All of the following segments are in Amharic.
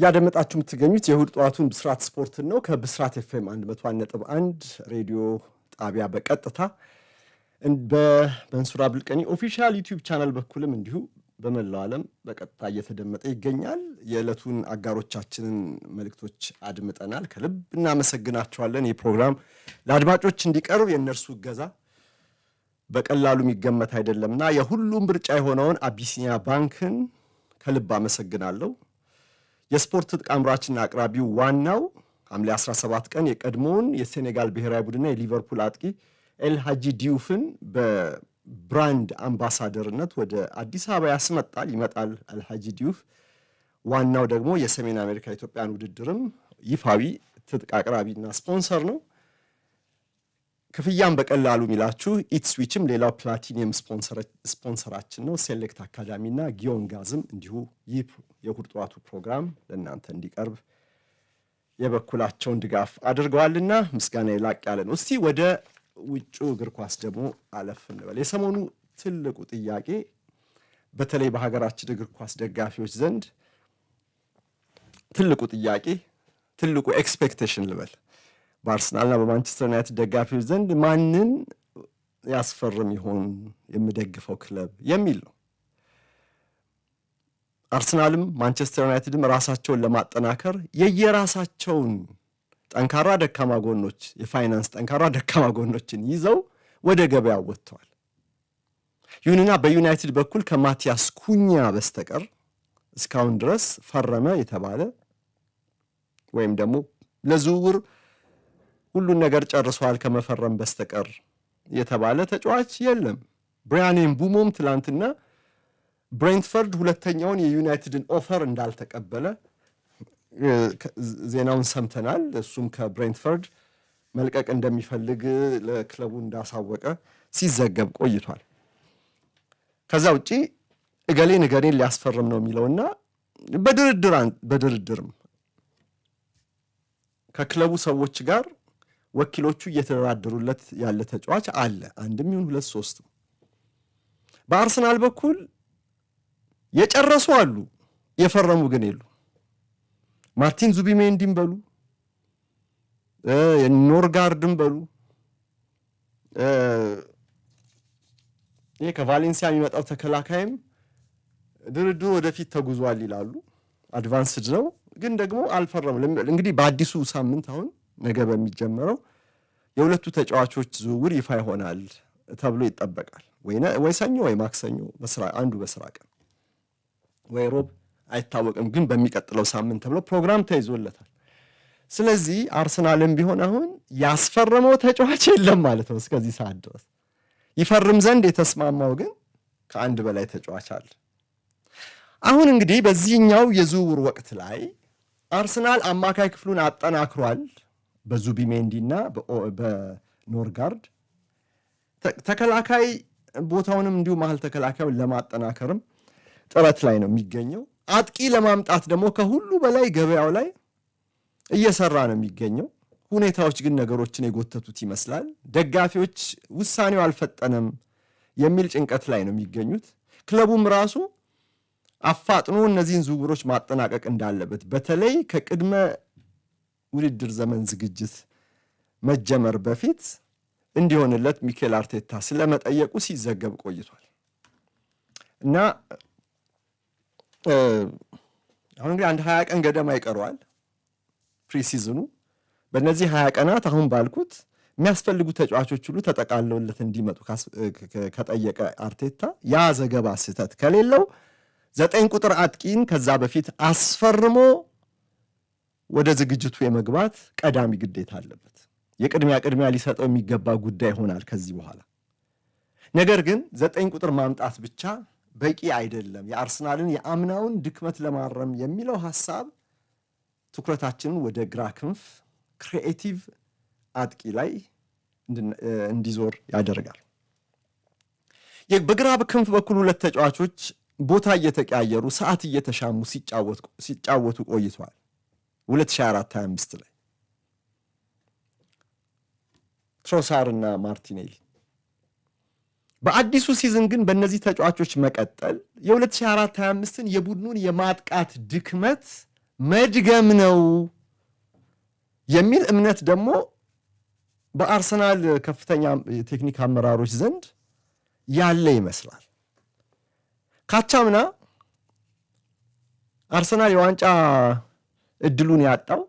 እያደመጣችሁ የምትገኙት የእሁድ ጠዋቱን ብስራት ስፖርትን ነው። ከብስራት ኤፍኤም 101.1 ሬዲዮ ጣቢያ በቀጥታ በመንሱር አብዱልቀኒ ኦፊሻል ዩቲዩብ ቻናል በኩልም እንዲሁ በመላው ዓለም በቀጥታ እየተደመጠ ይገኛል። የዕለቱን አጋሮቻችንን መልእክቶች አድምጠናል። ከልብ እናመሰግናቸዋለን። ይህ ፕሮግራም ለአድማጮች እንዲቀርብ የእነርሱ እገዛ በቀላሉ የሚገመት አይደለምና የሁሉም ምርጫ የሆነውን አቢሲኒያ ባንክን ከልብ አመሰግናለሁ። የስፖርት ትጥቅ አምራችና አቅራቢው ዋናው ሐምሌ 17 ቀን የቀድሞውን የሴኔጋል ብሔራዊ ቡድንና የሊቨርፑል አጥቂ ኤል ሃጂ ዲዩፍን በብራንድ አምባሳደርነት ወደ አዲስ አበባ ያስመጣል። ይመጣል ኤል ዲዩፍ። ዋናው ደግሞ የሰሜን አሜሪካ ኢትዮጵያን ውድድርም ይፋዊ ትጥቅ አቅራቢና ስፖንሰር ነው። ክፍያም በቀላሉ የሚላችሁ ኢትስዊችም ሌላው ፕላቲኒየም ስፖንሰራችን ነው። ሴሌክት አካዳሚና ጊዮን ጋዝም እንዲሁ የእሁድ ጠዋቱ ፕሮግራም ለእናንተ እንዲቀርብ የበኩላቸውን ድጋፍ አድርገዋልና ምስጋና የላቅ ያለ ነው። እስቲ ወደ ውጩ እግር ኳስ ደግሞ አለፍ እንበል። የሰሞኑ ትልቁ ጥያቄ በተለይ በሀገራችን እግር ኳስ ደጋፊዎች ዘንድ ትልቁ ጥያቄ ትልቁ ኤክስፔክቴሽን ልበል በአርሰናልና በማንቸስተር ዩናይትድ ደጋፊዎች ዘንድ ማንን ያስፈርም ይሆን የምደግፈው ክለብ የሚል ነው። አርሰናልም ማንቸስተር ዩናይትድም ራሳቸውን ለማጠናከር የየራሳቸውን ጠንካራ ደካማ ጎኖች የፋይናንስ ጠንካራ ደካማ ጎኖችን ይዘው ወደ ገበያ ወጥተዋል። ይሁንና በዩናይትድ በኩል ከማቲያስ ኩኛ በስተቀር እስካሁን ድረስ ፈረመ የተባለ ወይም ደግሞ ለዝውውር ሁሉን ነገር ጨርሰዋል ከመፈረም በስተቀር የተባለ ተጫዋች የለም። ብሪያን ምቡሞም ትላንትና ብሬንትፈርድ ሁለተኛውን የዩናይትድን ኦፈር እንዳልተቀበለ ዜናውን ሰምተናል። እሱም ከብሬንትፈርድ መልቀቅ እንደሚፈልግ ለክለቡ እንዳሳወቀ ሲዘገብ ቆይቷል። ከዛ ውጪ እገሌን እገሌን ሊያስፈርም ነው የሚለውና በድርድርም ከክለቡ ሰዎች ጋር ወኪሎቹ እየተደራደሩለት ያለ ተጫዋች አለ። አንድም ይሁን ሁለት ሶስትም። በአርሰናል በኩል የጨረሱ አሉ፣ የፈረሙ ግን የሉ። ማርቲን ዙቢሜንዲን በሉ ኖርጋርድን በሉ ይህ ከቫሌንሲያ የሚመጣው ተከላካይም ድርድሩ ወደፊት ተጉዟል ይላሉ። አድቫንስድ ነው ግን ደግሞ አልፈረምም። እንግዲህ በአዲሱ ሳምንት አሁን ነገ በሚጀመረው የሁለቱ ተጫዋቾች ዝውውር ይፋ ይሆናል ተብሎ ይጠበቃል። ወይ ሰኞ ወይ ማክሰኞ አንዱ በስራ ቀን ወይ ሮብ አይታወቅም፣ ግን በሚቀጥለው ሳምንት ተብሎ ፕሮግራም ተይዞለታል። ስለዚህ አርሰናልም ቢሆን አሁን ያስፈረመው ተጫዋች የለም ማለት ነው እስከዚህ ሰዓት ድረስ። ይፈርም ዘንድ የተስማማው ግን ከአንድ በላይ ተጫዋች አለ። አሁን እንግዲህ በዚህኛው የዝውውር ወቅት ላይ አርሰናል አማካይ ክፍሉን አጠናክሯል በዙቢሜንዲ እና በኖርጋርድ ተከላካይ ቦታውንም እንዲሁ መሀል ተከላካዩን ለማጠናከርም ጥረት ላይ ነው የሚገኘው። አጥቂ ለማምጣት ደግሞ ከሁሉ በላይ ገበያው ላይ እየሰራ ነው የሚገኘው። ሁኔታዎች ግን ነገሮችን የጎተቱት ይመስላል። ደጋፊዎች ውሳኔው አልፈጠነም የሚል ጭንቀት ላይ ነው የሚገኙት። ክለቡም ራሱ አፋጥኖ እነዚህን ዝውውሮች ማጠናቀቅ እንዳለበት በተለይ ከቅድመ ውድድር ዘመን ዝግጅት መጀመር በፊት እንዲሆንለት ሚኬል አርቴታ ስለመጠየቁ ሲዘገብ ቆይቷል እና አሁን እንግዲህ አንድ ሀያ ቀን ገደማ ይቀረዋል ፕሪሲዝኑ። በእነዚህ ሀያ ቀናት አሁን ባልኩት የሚያስፈልጉ ተጫዋቾች ሁሉ ተጠቃለውለት እንዲመጡ ከጠየቀ አርቴታ ያ ዘገባ ስህተት ከሌለው ዘጠኝ ቁጥር አጥቂን ከዛ በፊት አስፈርሞ ወደ ዝግጅቱ የመግባት ቀዳሚ ግዴታ አለበት። የቅድሚያ ቅድሚያ ሊሰጠው የሚገባ ጉዳይ ይሆናል ከዚህ በኋላ። ነገር ግን ዘጠኝ ቁጥር ማምጣት ብቻ በቂ አይደለም። የአርሰናልን የአምናውን ድክመት ለማረም የሚለው ሀሳብ ትኩረታችንን ወደ ግራ ክንፍ ክሪኤቲቭ አጥቂ ላይ እንዲዞር ያደርጋል። በግራ ክንፍ በኩል ሁለት ተጫዋቾች ቦታ እየተቀያየሩ ሰዓት እየተሻሙ ሲጫወቱ ቆይተዋል። 2024/25 ላይ ትሮሳርና ማርቲኔሊ በአዲሱ ሲዝን ግን በእነዚህ ተጫዋቾች መቀጠል የ2024/25ን የቡድኑን የማጥቃት ድክመት መድገም ነው የሚል እምነት ደግሞ በአርሰናል ከፍተኛ ቴክኒክ አመራሮች ዘንድ ያለ ይመስላል። ካቻምና አርሰናል የዋንጫ እድሉን ያጣው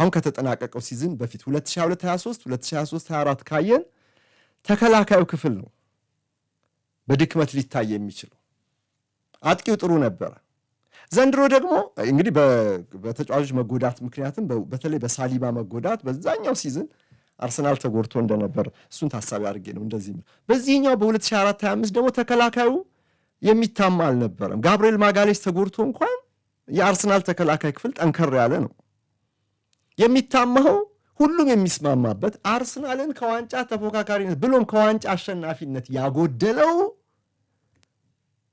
አሁን ከተጠናቀቀው ሲዝን በፊት 2022/23 2023/24 ካየን ተከላካዩ ክፍል ነው በድክመት ሊታይ የሚችለው። አጥቂው ጥሩ ነበረ። ዘንድሮ ደግሞ እንግዲህ በተጫዋቾች መጎዳት ምክንያትም በተለይ በሳሊባ መጎዳት በዛኛው ሲዝን አርሰናል ተጎድቶ እንደነበር እሱን ታሳቢ አድርጌ ነው እንደዚህ ነው። በዚህኛው በ2024/25 ደግሞ ተከላካዩ የሚታማ አልነበረም። ጋብርኤል ማጋሌስ ተጎድቶ እንኳን የአርሰናል ተከላካይ ክፍል ጠንከር ያለ ነው የሚታማው ሁሉም የሚስማማበት አርሰናልን ከዋንጫ ተፎካካሪነት ብሎም ከዋንጫ አሸናፊነት ያጎደለው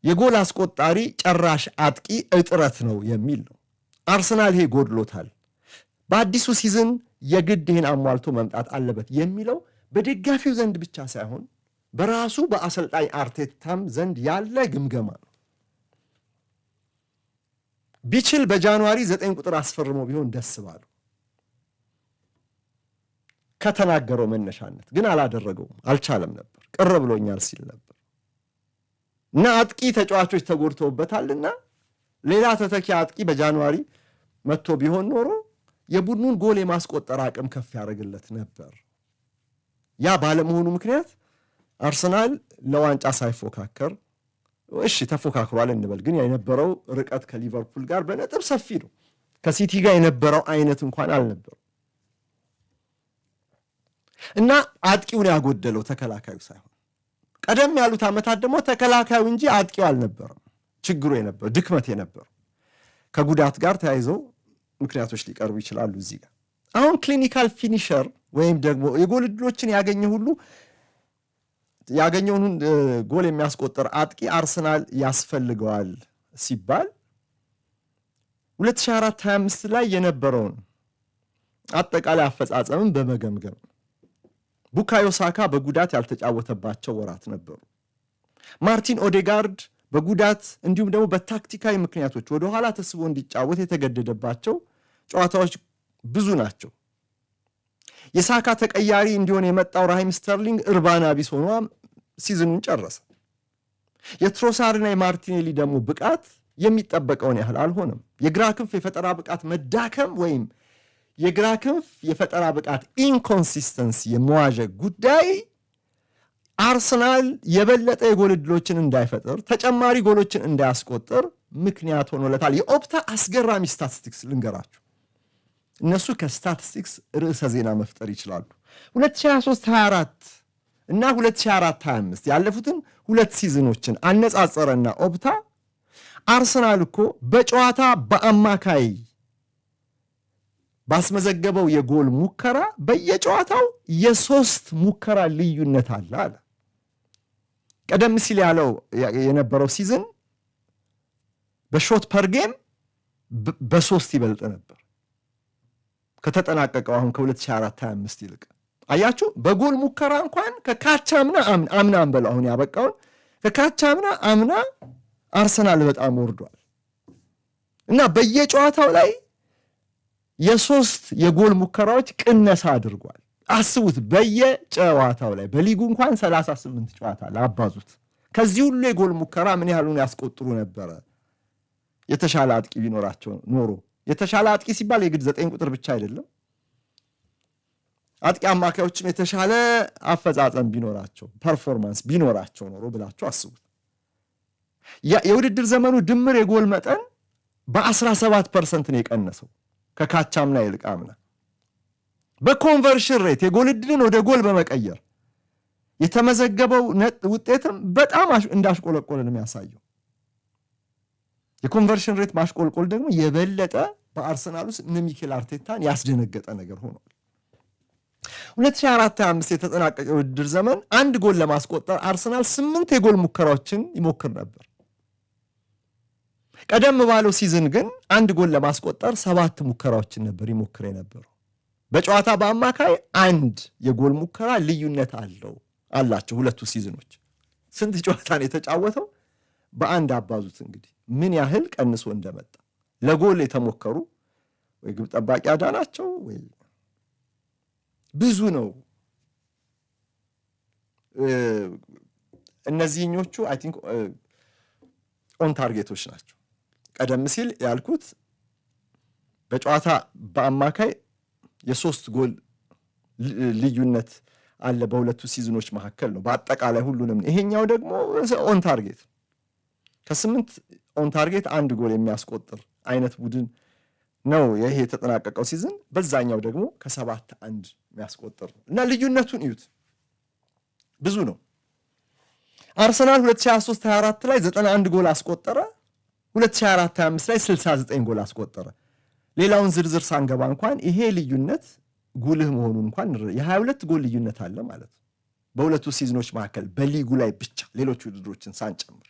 የጎል አስቆጣሪ ጨራሽ አጥቂ እጥረት ነው የሚል ነው። አርሰናል ይሄ ጎድሎታል፣ በአዲሱ ሲዝን የግድ ይህን አሟልቶ መምጣት አለበት የሚለው በደጋፊው ዘንድ ብቻ ሳይሆን በራሱ በአሰልጣኝ አርቴታም ዘንድ ያለ ግምገማ ነው። ቢችል በጃንዋሪ ዘጠኝ ቁጥር አስፈርሞ ቢሆን ደስ ባሉ ከተናገረው መነሻነት ግን አላደረገውም፣ አልቻለም ነበር። ቅር ብሎኛል ሲል ነበር እና አጥቂ ተጫዋቾች ተጎድተውበታልና ሌላ ተተኪ አጥቂ በጃንዋሪ መጥቶ ቢሆን ኖሮ የቡድኑን ጎል የማስቆጠር አቅም ከፍ ያደርግለት ነበር። ያ ባለመሆኑ ምክንያት አርሰናል ለዋንጫ ሳይፎካከር እሺ ተፎካክሯል እንበል፣ ግን የነበረው ርቀት ከሊቨርፑል ጋር በነጥብ ሰፊ ነው። ከሲቲ ጋር የነበረው አይነት እንኳን አልነበረው። እና አጥቂውን ያጎደለው ተከላካዩ ሳይሆን። ቀደም ያሉት ዓመታት ደግሞ ተከላካዩ እንጂ አጥቂው አልነበረም ችግሩ የነበረው ድክመት የነበረው። ከጉዳት ጋር ተያይዘው ምክንያቶች ሊቀርቡ ይችላሉ። እዚህ ጋር አሁን ክሊኒካል ፊኒሸር ወይም ደግሞ የጎል እድሎችን ያገኘ ሁሉ ያገኘውን ጎል የሚያስቆጠር አጥቂ አርሰናል ያስፈልገዋል ሲባል 2024/25 ላይ የነበረውን አጠቃላይ አፈጻጸምን በመገምገም ቡካዮ ሳካ በጉዳት ያልተጫወተባቸው ወራት ነበሩ። ማርቲን ኦዴጋርድ በጉዳት እንዲሁም ደግሞ በታክቲካዊ ምክንያቶች ወደኋላ ተስቦ እንዲጫወት የተገደደባቸው ጨዋታዎች ብዙ ናቸው። የሳካ ተቀያሪ እንዲሆን የመጣው ራሂም ስተርሊንግ እርባና ቢስ ሆኗ ሲዝኑን ጨረሰ። የትሮሳርና የማርቲኔሊ ደግሞ ብቃት የሚጠበቀውን ያህል አልሆነም። የግራ ክንፍ የፈጠራ ብቃት መዳከም ወይም የግራ ክንፍ የፈጠራ ብቃት ኢንኮንሲስተንሲ የመዋዠ ጉዳይ አርሰናል የበለጠ የጎል ዕድሎችን እንዳይፈጥር ተጨማሪ ጎሎችን እንዳያስቆጥር ምክንያት ሆኖለታል። የኦፕታ አስገራሚ ስታቲስቲክስ ልንገራችሁ። እነሱ ከስታቲስቲክስ ርዕሰ ዜና መፍጠር ይችላሉ። 2023/24 እና 2024/25 ያለፉትን ሁለት ሲዝኖችን አነጻጸረና ኦፕታ አርሰናል እኮ በጨዋታ በአማካይ ባስመዘገበው የጎል ሙከራ በየጨዋታው የሶስት ሙከራ ልዩነት አለ አለ። ቀደም ሲል ያለው የነበረው ሲዝን በሾት ፐርጌም በሶስት ይበልጥ ነበር ከተጠናቀቀው አሁን ከ2425 ይልቅ አያችሁ። በጎል ሙከራ እንኳን ከካቻምና አምና አንበለው አሁን ያበቃውን ከካቻምና አምና አርሰናል በጣም ወርዷል እና በየጨዋታው ላይ የሶስት የጎል ሙከራዎች ቅነሳ አድርጓል። አስቡት፣ በየጨዋታው ላይ በሊጉ እንኳን 38 ጨዋታ ላባዙት ከዚህ ሁሉ የጎል ሙከራ ምን ያህሉን ያስቆጥሩ ነበረ? የተሻለ አጥቂ ቢኖራቸው ኖሮ የተሻለ አጥቂ ሲባል የግድ ዘጠኝ ቁጥር ብቻ አይደለም። አጥቂ አማካዮችም የተሻለ አፈጻጸም ቢኖራቸው ፐርፎርማንስ ቢኖራቸው ኖሮ ብላችሁ አስቡት። የውድድር ዘመኑ ድምር የጎል መጠን በ17 ፐርሰንት ነው የቀነሰው። ከካቻምና ይልቅ አምና በኮንቨርሽን ሬት የጎል ዕድልን ወደ ጎል በመቀየር የተመዘገበው ውጤትም በጣም እንዳሽቆለቆለ ነው የሚያሳየው። የኮንቨርሽን ሬት ማሽቆልቆል ደግሞ የበለጠ በአርሰናል ውስጥ እነ ሚኬል አርቴታን ያስደነገጠ ነገር ሆኗል። 2024/25 የተጠናቀቀ ውድድር ዘመን አንድ ጎል ለማስቆጠር አርሰናል ስምንት የጎል ሙከራዎችን ይሞክር ነበር። ቀደም ባለው ሲዝን ግን አንድ ጎል ለማስቆጠር ሰባት ሙከራዎችን ነበር ይሞክር የነበረው። በጨዋታ በአማካይ አንድ የጎል ሙከራ ልዩነት አለው አላቸው ሁለቱ ሲዝኖች። ስንት ጨዋታ ነው የተጫወተው? በአንድ አባዙት እንግዲህ ምን ያህል ቀንሶ እንደመጣ ለጎል የተሞከሩ ወይ ግብ ጠባቂ አዳናቸው ወይ ብዙ ነው። እነዚህኞቹ አይ ቲንክ ኦን ታርጌቶች ናቸው። ቀደም ሲል ያልኩት በጨዋታ በአማካይ የሶስት ጎል ልዩነት አለ በሁለቱ ሲዝኖች መካከል ነው በአጠቃላይ ሁሉንም። ይሄኛው ደግሞ ኦን ታርጌት ከስምንት ኦን ታርጌት አንድ ጎል የሚያስቆጥር አይነት ቡድን ነው ይሄ የተጠናቀቀው ሲዝን። በዛኛው ደግሞ ከሰባት አንድ የሚያስቆጥር ነው እና ልዩነቱን እዩት ብዙ ነው። አርሰናል 2023 24 ላይ 91 ጎል አስቆጠረ። 2024/25 ላይ 69 ጎል አስቆጠረ። ሌላውን ዝርዝር ሳንገባ እንኳን ይሄ ልዩነት ጉልህ መሆኑን እንኳን የ22 ጎል ልዩነት አለ ማለት ነው በሁለቱ ሲዝኖች መካከል በሊጉ ላይ ብቻ ሌሎች ውድድሮችን ሳንጨምር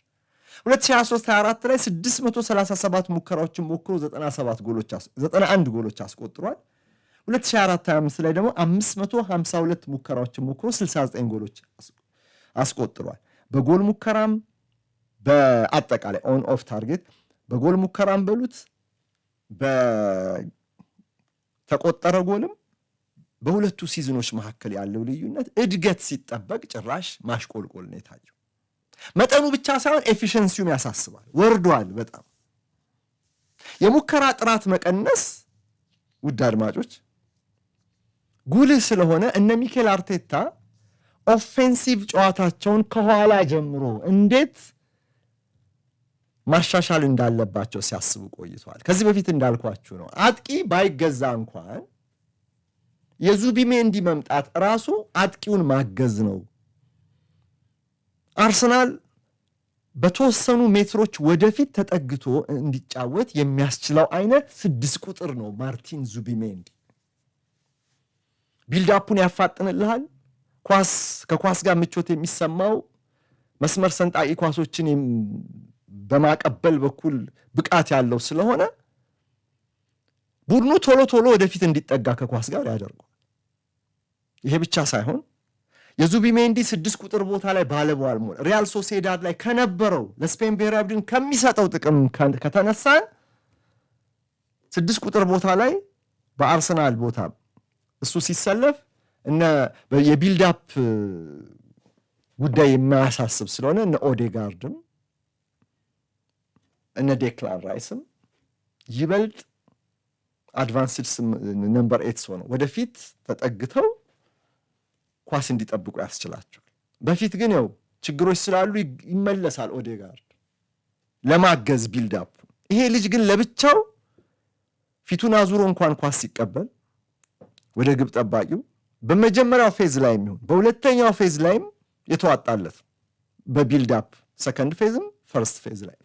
2023/24 ላይ 637 ሙከራዎችን ሞክሮ 91 ጎሎች አስቆጥሯል። 2024/25 ላይ ደግሞ 552 ሙከራዎችን ሞክሮ 69 ጎሎች አስቆጥሯል። በጎል ሙከራም በአጠቃላይ ኦን ኦፍ ታርጌት በጎል ሙከራም በሉት በተቆጠረ ጎልም በሁለቱ ሲዝኖች መካከል ያለው ልዩነት እድገት ሲጠበቅ ጭራሽ ማሽቆልቆል ነው የታየው። መጠኑ ብቻ ሳይሆን ኤፊሽንሲውም ያሳስባል፣ ወርዷል በጣም የሙከራ ጥራት መቀነስ። ውድ አድማጮች ጉልህ ስለሆነ እነ ሚኬል አርቴታ ኦፌንሲቭ ጨዋታቸውን ከኋላ ጀምሮ እንዴት ማሻሻል እንዳለባቸው ሲያስቡ ቆይተዋል። ከዚህ በፊት እንዳልኳችሁ ነው። አጥቂ ባይገዛ እንኳን የዙቢሜንዲ መምጣት ራሱ አጥቂውን ማገዝ ነው። አርሰናል በተወሰኑ ሜትሮች ወደፊት ተጠግቶ እንዲጫወት የሚያስችለው አይነት ስድስት ቁጥር ነው ማርቲን ዙቢሜንዲ። ቢልዳፑን ያፋጥንልሃል። ኳስ ከኳስ ጋር ምቾት የሚሰማው መስመር ሰንጣቂ ኳሶችን በማቀበል በኩል ብቃት ያለው ስለሆነ ቡድኑ ቶሎ ቶሎ ወደፊት እንዲጠጋ ከኳስ ጋር ያደርገዋል። ይሄ ብቻ ሳይሆን የዙቢሜንዲ ስድስት ቁጥር ቦታ ላይ ባለቧል መሆን ሪያል ሶሴዳድ ላይ ከነበረው ለስፔን ብሔራዊ ቡድን ከሚሰጠው ጥቅም ከተነሳ ስድስት ቁጥር ቦታ ላይ በአርሰናል ቦታ እሱ ሲሰለፍ እነ የቢልድ አፕ ጉዳይ የማያሳስብ ስለሆነ እነ ኦዴጋርድም እነ ዴክላን ራይስም ይበልጥ አድቫንስድ ነምበር ኤትስ ሆነው ወደፊት ተጠግተው ኳስ እንዲጠብቁ ያስችላቸዋል። በፊት ግን ያው ችግሮች ስላሉ ይመለሳል ኦዴጋርድ ለማገዝ ቢልዳፕ። ይሄ ልጅ ግን ለብቻው ፊቱን አዙሮ እንኳን ኳስ ሲቀበል ወደ ግብ ጠባቂው በመጀመሪያው ፌዝ ላይ የሚሆን በሁለተኛው ፌዝ ላይም የተዋጣለት በቢልዳፕ ሰከንድ ፌዝም ፈርስት ፌዝ ላይ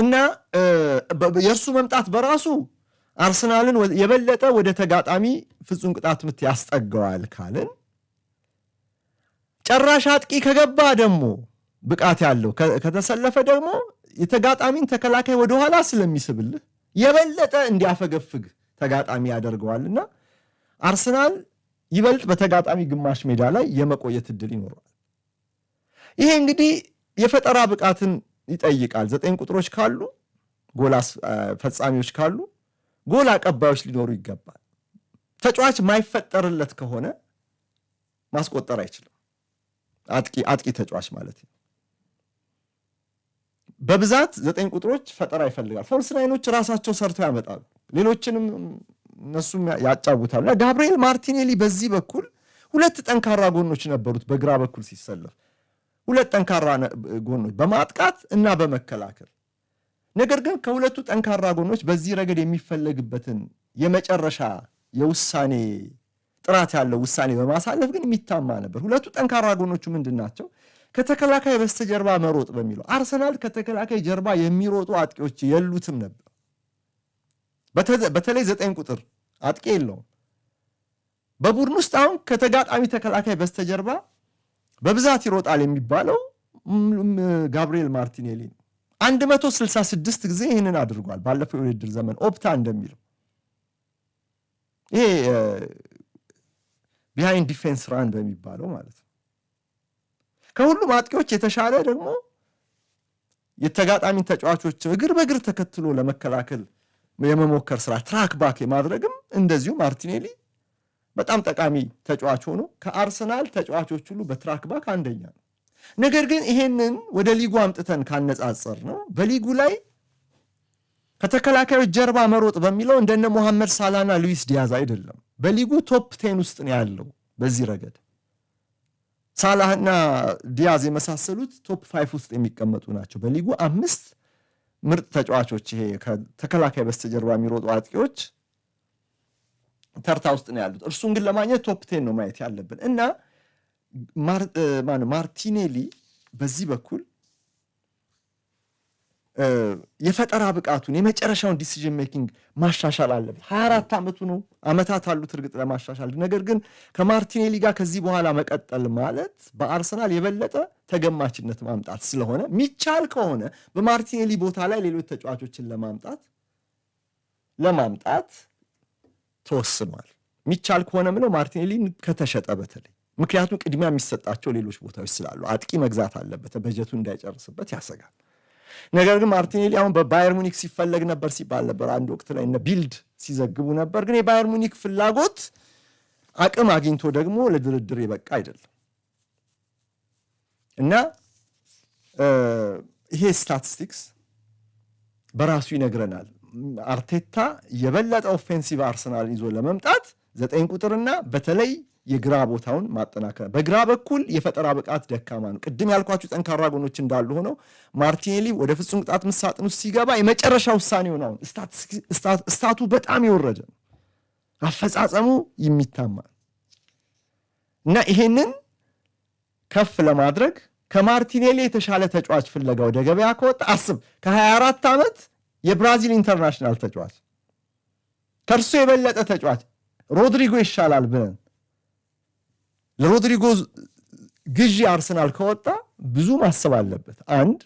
እና የእርሱ መምጣት በራሱ አርሰናልን የበለጠ ወደ ተጋጣሚ ፍጹም ቅጣት ምት ያስጠገዋል ካልን ጨራሽ አጥቂ ከገባ ደግሞ ብቃት ያለው ከተሰለፈ ደግሞ የተጋጣሚን ተከላካይ ወደኋላ ስለሚስብልህ የበለጠ እንዲያፈገፍግ ተጋጣሚ ያደርገዋልና አርሰናል ይበልጥ በተጋጣሚ ግማሽ ሜዳ ላይ የመቆየት እድል ይኖረዋል። ይሄ እንግዲህ የፈጠራ ብቃትን ይጠይቃል። ዘጠኝ ቁጥሮች ካሉ ጎል ፈጻሚዎች ካሉ ጎል አቀባዮች ሊኖሩ ይገባል። ተጫዋች ማይፈጠርለት ከሆነ ማስቆጠር አይችልም። አጥቂ አጥቂ ተጫዋች ማለት ነው። በብዛት ዘጠኝ ቁጥሮች ፈጠራ ይፈልጋል። ፎልስ ናይኖች ራሳቸው ሰርተው ያመጣሉ። ሌሎችንም እነሱም ያጫውታሉ። ጋብርኤል ማርቲኔሊ በዚህ በኩል ሁለት ጠንካራ ጎኖች ነበሩት። በግራ በኩል ሲሰለፍ ሁለት ጠንካራ ጎኖች በማጥቃት እና በመከላከል ነገር ግን ከሁለቱ ጠንካራ ጎኖች በዚህ ረገድ የሚፈለግበትን የመጨረሻ የውሳኔ ጥራት ያለው ውሳኔ በማሳለፍ ግን የሚታማ ነበር። ሁለቱ ጠንካራ ጎኖቹ ምንድን ናቸው? ከተከላካይ በስተጀርባ መሮጥ በሚለው አርሰናል ከተከላካይ ጀርባ የሚሮጡ አጥቂዎች የሉትም ነበር። በተለይ ዘጠኝ ቁጥር አጥቂ የለውም በቡድን ውስጥ አሁን ከተጋጣሚ ተከላካይ በስተጀርባ በብዛት ይሮጣል የሚባለው ጋብሪኤል ማርቲኔሊ ነው። 166 ጊዜ ይህንን አድርጓል። ባለፈው የውድድር ዘመን ኦፕታ እንደሚለው ይሄ ቢሃይንድ ዲፌንስ ራን በሚባለው ማለት ነው። ከሁሉም አጥቂዎች የተሻለ ደግሞ የተጋጣሚን ተጫዋቾች እግር በእግር ተከትሎ ለመከላከል የመሞከር ስራ ትራክ ባክ የማድረግም እንደዚሁ ማርቲኔሊ በጣም ጠቃሚ ተጫዋች ሆኖ ከአርሰናል ተጫዋቾች ሁሉ በትራክ ባክ አንደኛ ነው። ነገር ግን ይሄንን ወደ ሊጉ አምጥተን ካነጻጸር ነው በሊጉ ላይ ከተከላካዮች ጀርባ መሮጥ በሚለው እንደነ ሞሐመድ ሳላና ሉዊስ ዲያዝ አይደለም። በሊጉ ቶፕ ቴን ውስጥ ነው ያለው። በዚህ ረገድ ሳላህና ዲያዝ የመሳሰሉት ቶፕ ፋይፍ ውስጥ የሚቀመጡ ናቸው። በሊጉ አምስት ምርጥ ተጫዋቾች ይሄ ከተከላካይ በስተጀርባ የሚሮጡ አጥቂዎች ተርታ ውስጥ ነው ያሉት። እርሱን ግን ለማግኘት ቶፕ ቴን ነው ማየት ያለብን እና ማርቲኔሊ በዚህ በኩል የፈጠራ ብቃቱን የመጨረሻውን ዲሲዥን ሜኪንግ ማሻሻል አለበት። 24 አራት ዓመቱ ነው፣ ዓመታት አሉት እርግጥ ለማሻሻል። ነገር ግን ከማርቲኔሊ ጋር ከዚህ በኋላ መቀጠል ማለት በአርሰናል የበለጠ ተገማችነት ማምጣት ስለሆነ ሚቻል ከሆነ በማርቲኔሊ ቦታ ላይ ሌሎች ተጫዋቾችን ለማምጣት ለማምጣት ተወስኗል። የሚቻል ከሆነ ምለው ማርቲኔሊ ከተሸጠ በተለይ ምክንያቱም ቅድሚያ የሚሰጣቸው ሌሎች ቦታዎች ስላሉ አጥቂ መግዛት አለበት፣ በጀቱ እንዳይጨርስበት ያሰጋል። ነገር ግን ማርቲኔሊ አሁን በባየር ሙኒክ ሲፈለግ ነበር ሲባል ነበር አንድ ወቅት ላይ እነ ቢልድ ሲዘግቡ ነበር። ግን የባየር ሙኒክ ፍላጎት አቅም አግኝቶ ደግሞ ለድርድር የበቃ አይደለም እና ይሄ ስታቲስቲክስ በራሱ ይነግረናል አርቴታ የበለጠ ኦፌንሲቭ አርሰናል ይዞ ለመምጣት ዘጠኝ ቁጥርና በተለይ የግራ ቦታውን ማጠናከር። በግራ በኩል የፈጠራ ብቃት ደካማ ነው። ቅድም ያልኳችሁ ጠንካራ ጎኖች እንዳሉ ሆነው ማርቲኔሊ ወደ ፍጹም ቅጣት ምት ሳጥን ውስጥ ሲገባ የመጨረሻ ውሳኔ ሆነውን እስታቱ በጣም የወረደ ነው። አፈጻጸሙ የሚታማ እና ይሄንን ከፍ ለማድረግ ከማርቲኔሊ የተሻለ ተጫዋች ፍለጋ ወደ ገበያ ከወጣ አስብ ከ24 ዓመት የብራዚል ኢንተርናሽናል ተጫዋች ከእርሱ የበለጠ ተጫዋች ሮድሪጎ ይሻላል ብለን ለሮድሪጎ ግዢ አርሰናል ከወጣ ብዙ ማሰብ አለበት። አንድ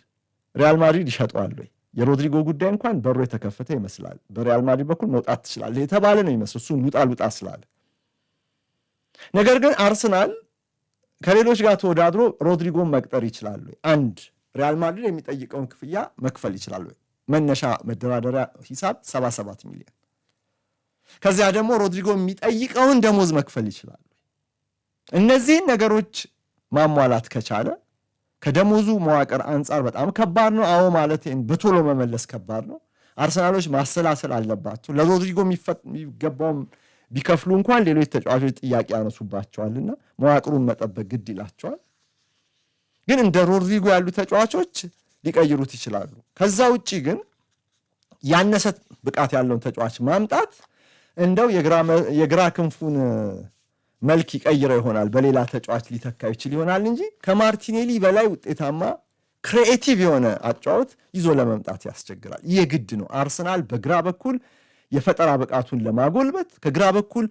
ሪያል ማድሪድ ይሸጠዋል ወይ? የሮድሪጎ ጉዳይ እንኳን በሮ የተከፈተ ይመስላል። በሪያል ማድሪድ በኩል መውጣት ትችላለ የተባለ ነው ይመስል እሱን ሉጣ ሉጣ ስላለ ነገር ግን አርሰናል ከሌሎች ጋር ተወዳድሮ ሮድሪጎን መቅጠር ይችላሉ። አንድ ሪያል ማድሪድ የሚጠይቀውን ክፍያ መክፈል ይችላሉ። መነሻ መደራደሪያ ሂሳብ 77 ሚሊዮን። ከዚያ ደግሞ ሮድሪጎ የሚጠይቀውን ደሞዝ መክፈል ይችላል። እነዚህን ነገሮች ማሟላት ከቻለ ከደሞዙ መዋቅር አንጻር በጣም ከባድ ነው። አዎ ማለት በቶሎ መመለስ ከባድ ነው። አርሰናሎች ማሰላሰል አለባቸው። ለሮድሪጎ የሚገባውም ቢከፍሉ እንኳን ሌሎች ተጫዋቾች ጥያቄ ያነሱባቸዋልና መዋቅሩን መጠበቅ ግድ ይላቸዋል። ግን እንደ ሮድሪጎ ያሉ ተጫዋቾች ሊቀይሩት ይችላሉ። ከዛ ውጭ ግን ያነሰ ብቃት ያለውን ተጫዋች ማምጣት እንደው የግራ ክንፉን መልክ ይቀይረው ይሆናል፣ በሌላ ተጫዋች ሊተካ ይችል ይሆናል እንጂ ከማርቲኔሊ በላይ ውጤታማ ክሪኤቲቭ የሆነ አጫወት ይዞ ለመምጣት ያስቸግራል። የግድ ነው። አርሰናል በግራ በኩል የፈጠራ ብቃቱን ለማጎልበት ከግራ በኩል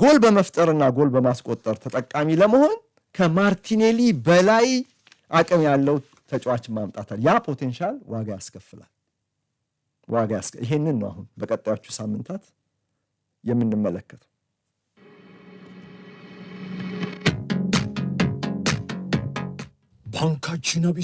ጎል በመፍጠርና ጎል በማስቆጠር ተጠቃሚ ለመሆን ከማርቲኔሊ በላይ አቅም ያለው ተጫዋች ማምጣታል። ያ ፖቴንሻል ዋጋ ያስከፍላል። ዋጋ ይሄንን ነው አሁን በቀጣዮቹ ሳምንታት የምንመለከተው። ባንካችን አቢስ